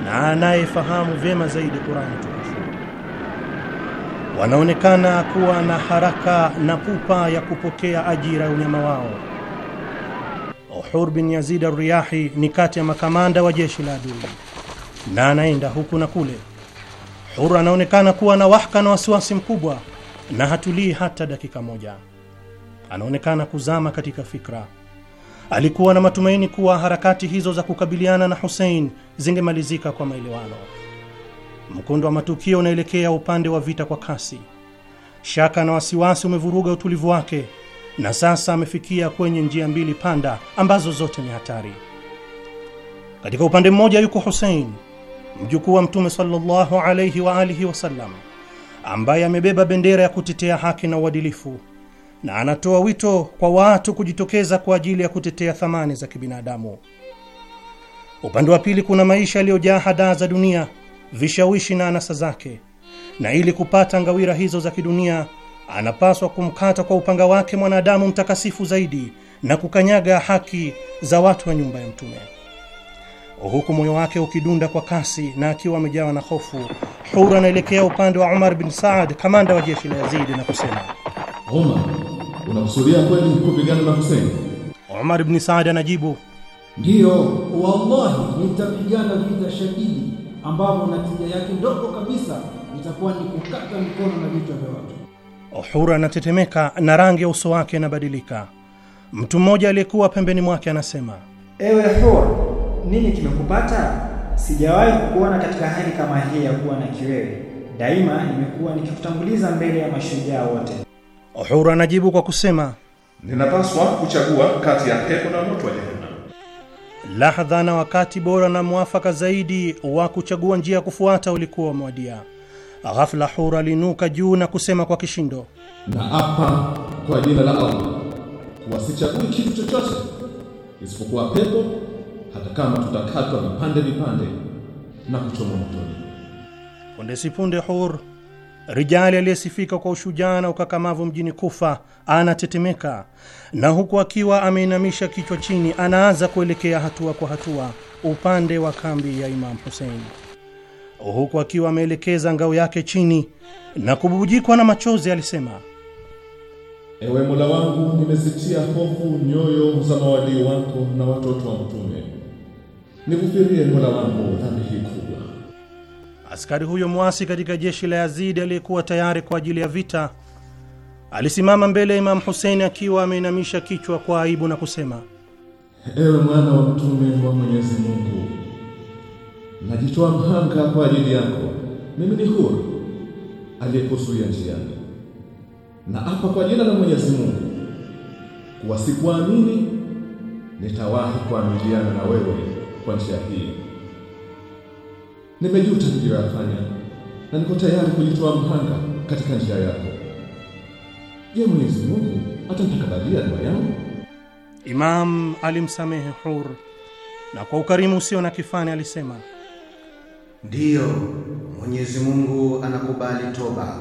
na anayefahamu vyema zaidi Kurani tukufu. Wanaonekana kuwa na haraka na pupa ya kupokea ajira ya unyama wao. Uhur bin Yazid Arriyahi ni kati ya makamanda wa jeshi la adui na anaenda huku na kule. Hur anaonekana kuwa na wahaka na wasiwasi mkubwa, na hatulii hata dakika moja. Anaonekana kuzama katika fikra. Alikuwa na matumaini kuwa harakati hizo za kukabiliana na Hussein zingemalizika kwa maelewano. Mkondo wa matukio unaelekea upande wa vita kwa kasi. Shaka na wasiwasi umevuruga utulivu wake, na sasa amefikia kwenye njia mbili panda ambazo zote ni hatari. Katika upande mmoja yuko Hussein mjukuu wa Mtume sallallahu alayhi wa alihi wasallam, ambaye amebeba bendera ya kutetea haki na uadilifu na anatoa wito kwa watu kujitokeza kwa ajili ya kutetea thamani za kibinadamu. Upande wa pili kuna maisha yaliyojaa hadaa za dunia, vishawishi na anasa zake, na ili kupata ngawira hizo za kidunia anapaswa kumkata kwa upanga wake mwanadamu mtakasifu zaidi na kukanyaga haki za watu wa nyumba ya Mtume huku moyo wake ukidunda kwa kasi na akiwa amejawa na hofu. Hur anaelekea upande wa Umar bin Saad, kamanda wa jeshi la Yazidi, na kusema, Umar, unakusudia kweli kupigana na Hussein? Umar bin Saad anajibu, ndiyo, wallahi nitapigana vita shadidi ambapo natija yake ndogo kabisa itakuwa ni kukata mikono na vichwa vya watu. Hur anatetemeka na rangi ya uso wake inabadilika. Mtu mmoja aliyekuwa pembeni mwake anasema, ewe Hur, nini kimekupata? Sijawahi kukuona katika hali kama hii ya kuwa na kiwewe. Daima nimekuwa nikikutanguliza mbele ya mashujaa wote. Uhuru anajibu kwa kusema, ninapaswa kuchagua kati ya pepo na moto wa jehanamu. Lahadha na wakati bora na mwafaka zaidi wa kuchagua njia ya kufuata ulikuwa umewadia. Ghafla Hur aliinuka juu na kusema kwa kishindo, na hapa kwa jina la Allah kuwa sichagui kitu chochote isipokuwa pepo hata kama tutakatwa vipande vipande na kuchomwa motoni. Punde si punde, Hur rijali aliyesifika kwa ushujaa na ukakamavu mjini Kufa anatetemeka na huku akiwa ameinamisha kichwa chini, anaanza kuelekea hatua kwa hatua upande wa kambi ya Imamu Husein, huku akiwa ameelekeza ngao yake chini na kububujikwa na machozi, alisema: Ewe Mola wangu, nimesitia hofu nyoyo za mawalii wako na watoto wa Mtume nikufirie mola wangu dhambi hii kubwa. Askari huyo mwasi katika jeshi la Yazidi aliyekuwa tayari kwa ajili ya vita alisimama mbele ya Imamu Huseini akiwa ameinamisha kichwa kwa aibu na kusema, ewe mwana wa mtume wa Mwenyezi Mungu, najitoa mhanga kwa ajili yako. Mimi ni huru aliyekuzuia njiani, na apa kwa jina la Mwenyezi Mungu kuwa sikuamini nitawahi kuamiliana na wewe kwa njia hii. Nimejuta niliyoyafanya na niko tayari kujitoa mhanga katika njia yako. Je, Mwenyezi Mungu atanitakabalia dua yangu? Imam alimsamehe Hur na kwa ukarimu usio na kifani alisema, ndiyo, Mwenyezi Mungu anakubali toba.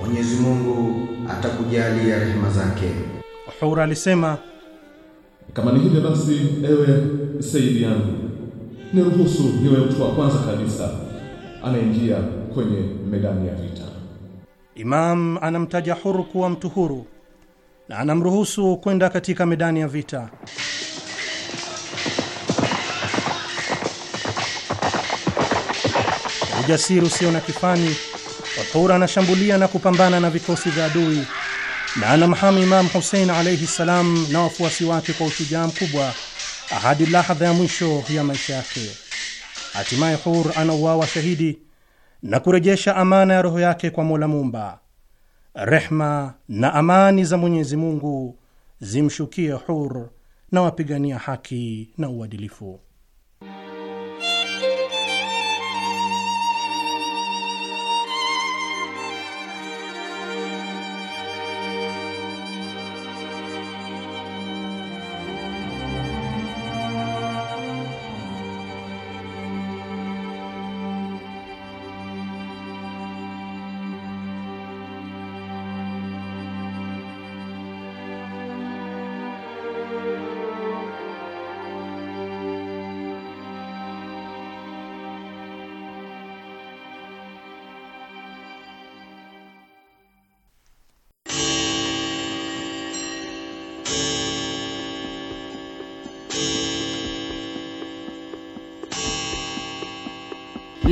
Mwenyezi Mungu atakujalia rehema zake. Hur alisema, kama ni hivyo basi, ewe saidi yangu, niruhusu niwe mtu wa kwanza kabisa anaingia kwenye medani ya vita. Imam anamtaja huru kuwa mtu huru na anamruhusu kwenda katika medani ya vita. Ujasiri usio na kifani, Fathur anashambulia na kupambana na vikosi vya adui na anamhami Imam Hussein alayhi salam na wafuasi wake kwa ushujaa mkubwa hadi lahadha ya mwisho ya maisha yake. Hatimaye Hur anauawa shahidi na kurejesha amana ya roho yake kwa Mola Mumba. Rehma na amani za Mwenyezi Mungu zimshukie Hur na wapigania haki na uadilifu.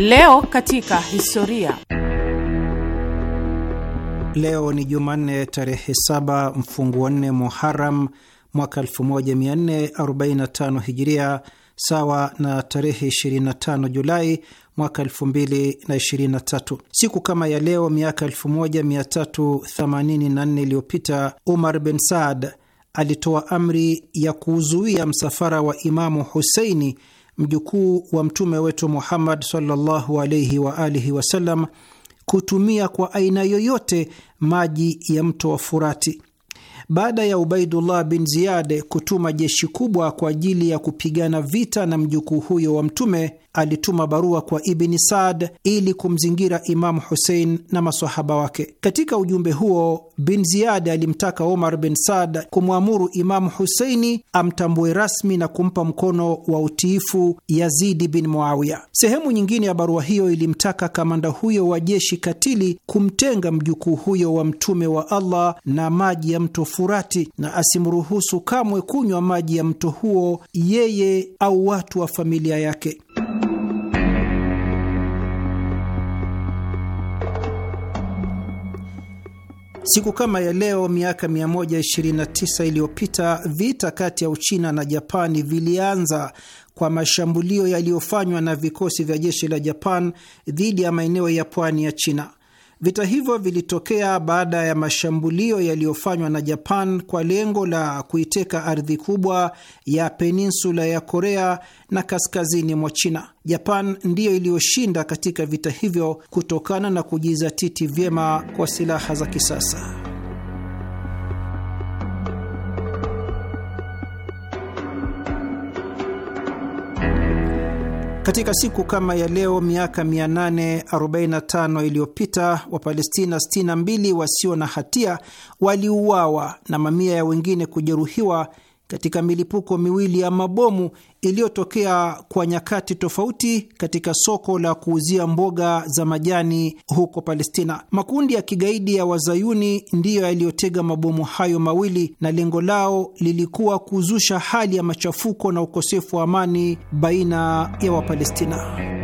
Leo katika historia. Leo ni Jumanne tarehe 7 wa nne Muharam mwaka 1445 Hijiria, sawa na tarehe 25 Julai mwaka 2023. Siku kama ya leo miaka 1384 iliyopita Umar bin Saad alitoa amri ya kuuzuia msafara wa Imamu Huseini mjukuu wa mtume wetu Muhammad sallallahu alaihi wa alihi wasallam kutumia kwa aina yoyote maji ya mto wa Furati. Baada ya Ubaidullah bin Ziyad kutuma jeshi kubwa kwa ajili ya kupigana vita na mjukuu huyo wa mtume alituma barua kwa Ibni Saad ili kumzingira Imamu Husein na masahaba wake. Katika ujumbe huo, Bin Ziyad alimtaka Omar bin Saad kumwamuru Imamu Huseini amtambue rasmi na kumpa mkono wa utiifu Yazidi bin Muawiya. Sehemu nyingine ya barua hiyo ilimtaka kamanda huyo wa jeshi katili kumtenga mjukuu huyo wa Mtume wa Allah na maji ya mto Furati na asimruhusu kamwe kunywa maji ya mto huo yeye au watu wa familia yake. Siku kama ya leo miaka 129 iliyopita vita kati ya Uchina na Japani vilianza kwa mashambulio yaliyofanywa na vikosi vya jeshi la Japan dhidi ya maeneo ya pwani ya China. Vita hivyo vilitokea baada ya mashambulio yaliyofanywa na Japan kwa lengo la kuiteka ardhi kubwa ya peninsula ya Korea na kaskazini mwa China. Japan ndiyo iliyoshinda katika vita hivyo kutokana na kujizatiti vyema kwa silaha za kisasa. Katika siku kama ya leo miaka 845 iliyopita Wapalestina 62 wasio na hatia waliuawa na mamia ya wengine kujeruhiwa katika milipuko miwili ya mabomu iliyotokea kwa nyakati tofauti katika soko la kuuzia mboga za majani huko Palestina. Makundi ya kigaidi ya wazayuni ndiyo yaliyotega mabomu hayo mawili, na lengo lao lilikuwa kuzusha hali ya machafuko na ukosefu wa amani baina ya Wapalestina.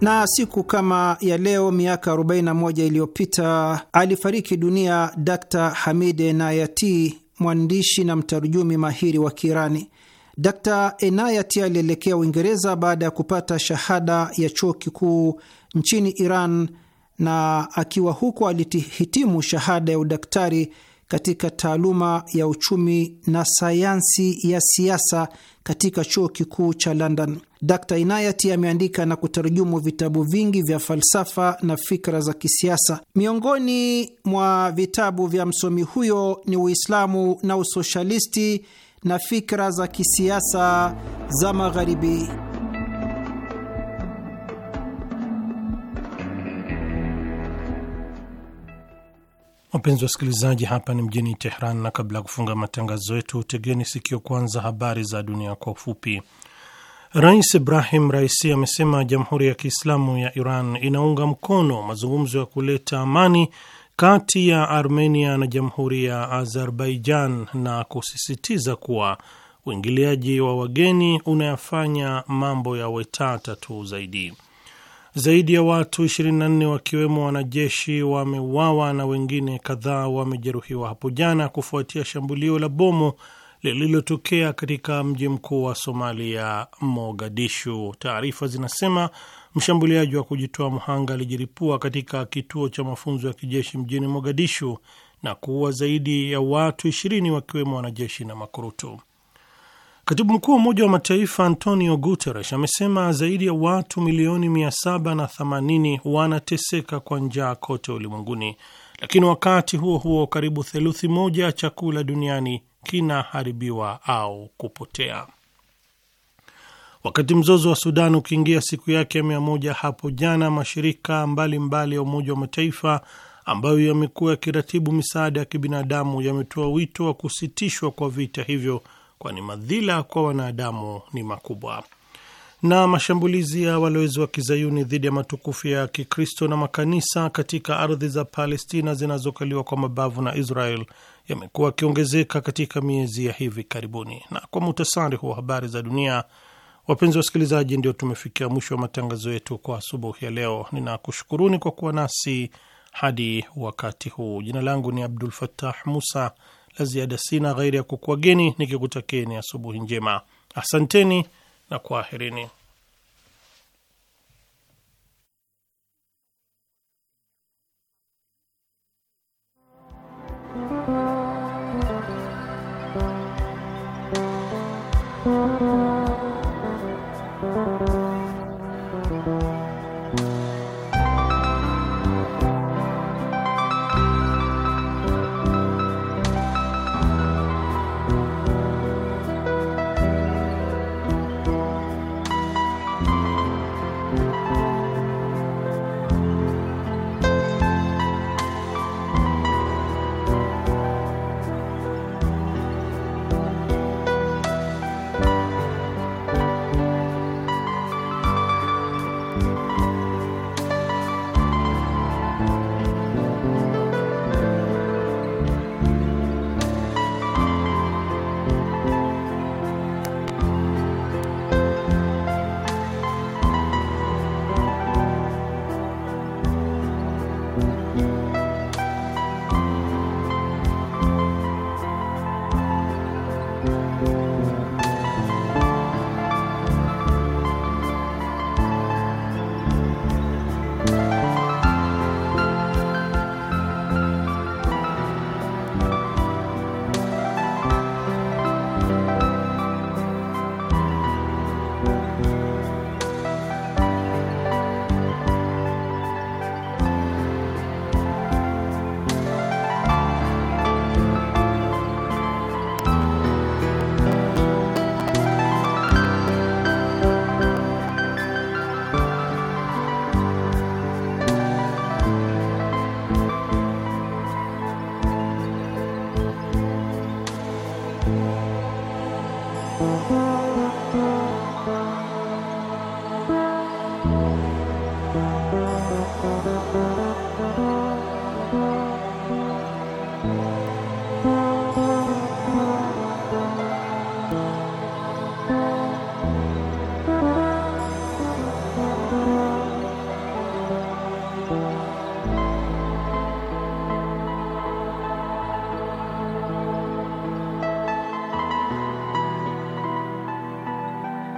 na siku kama ya leo miaka 41 iliyopita alifariki dunia Dr Hamid Enayati, mwandishi na mtarjumi mahiri wa Kiirani. Dr Enayati alielekea Uingereza baada ya kupata shahada ya chuo kikuu nchini Iran, na akiwa huko alihitimu shahada ya udaktari katika taaluma ya uchumi na sayansi ya siasa katika chuo kikuu cha London. Dr Inayati ameandika na kutarujumu vitabu vingi vya falsafa na fikra za kisiasa. Miongoni mwa vitabu vya msomi huyo ni Uislamu na Usoshalisti na fikra za kisiasa za Magharibi. Wapenzi wa wasikilizaji, hapa ni mjini Tehran, na kabla ya kufunga matangazo yetu, tegeni sikio kwanza habari za dunia kwa ufupi. Rais Ibrahim Raisi amesema Jamhuri ya Kiislamu ya Iran inaunga mkono mazungumzo ya kuleta amani kati ya Armenia na Jamhuri ya Azerbaijan na kusisitiza kuwa uingiliaji wa wageni unayafanya mambo yawe tata tu zaidi. Zaidi ya watu 24 wakiwemo wanajeshi wameuawa na wengine kadhaa wamejeruhiwa hapo jana kufuatia shambulio la bomu lililotokea katika mji mkuu wa Somalia, Mogadishu. Taarifa zinasema mshambuliaji wa kujitoa mhanga alijiripua katika kituo cha mafunzo ya kijeshi mjini Mogadishu na kuua zaidi ya watu 20 wakiwemo wanajeshi na makurutu. Katibu mkuu wa Umoja wa Mataifa Antonio Guterres amesema zaidi ya watu milioni 780 wanateseka kwa njaa kote ulimwenguni, lakini wakati huo huo karibu theluthi moja ya chakula duniani kinaharibiwa au kupotea. Wakati mzozo wa Sudan ukiingia siku yake ya mia moja hapo jana, mashirika mbalimbali ya Umoja wa Mataifa ambayo yamekuwa yakiratibu misaada ya kibinadamu yametoa wito wa kusitishwa kwa vita hivyo kwani madhila kwa wanadamu ni makubwa. Na mashambulizi ya walowezi wa kizayuni dhidi ya matukufu ya Kikristo na makanisa katika ardhi za Palestina zinazokaliwa kwa mabavu na Israel yamekuwa yakiongezeka katika miezi ya hivi karibuni. Na kwa muhtasari huwa habari za dunia, wapenzi wasikilizaji, ndio tumefikia mwisho wa matangazo yetu kwa asubuhi ya leo. Ninakushukuruni kwa kuwa nasi hadi wakati huu. Jina langu ni Abdul Fattah Musa la ziada sina, ghairi ya kukuageni nikikutakeni asubuhi njema. Asanteni na kwaherini.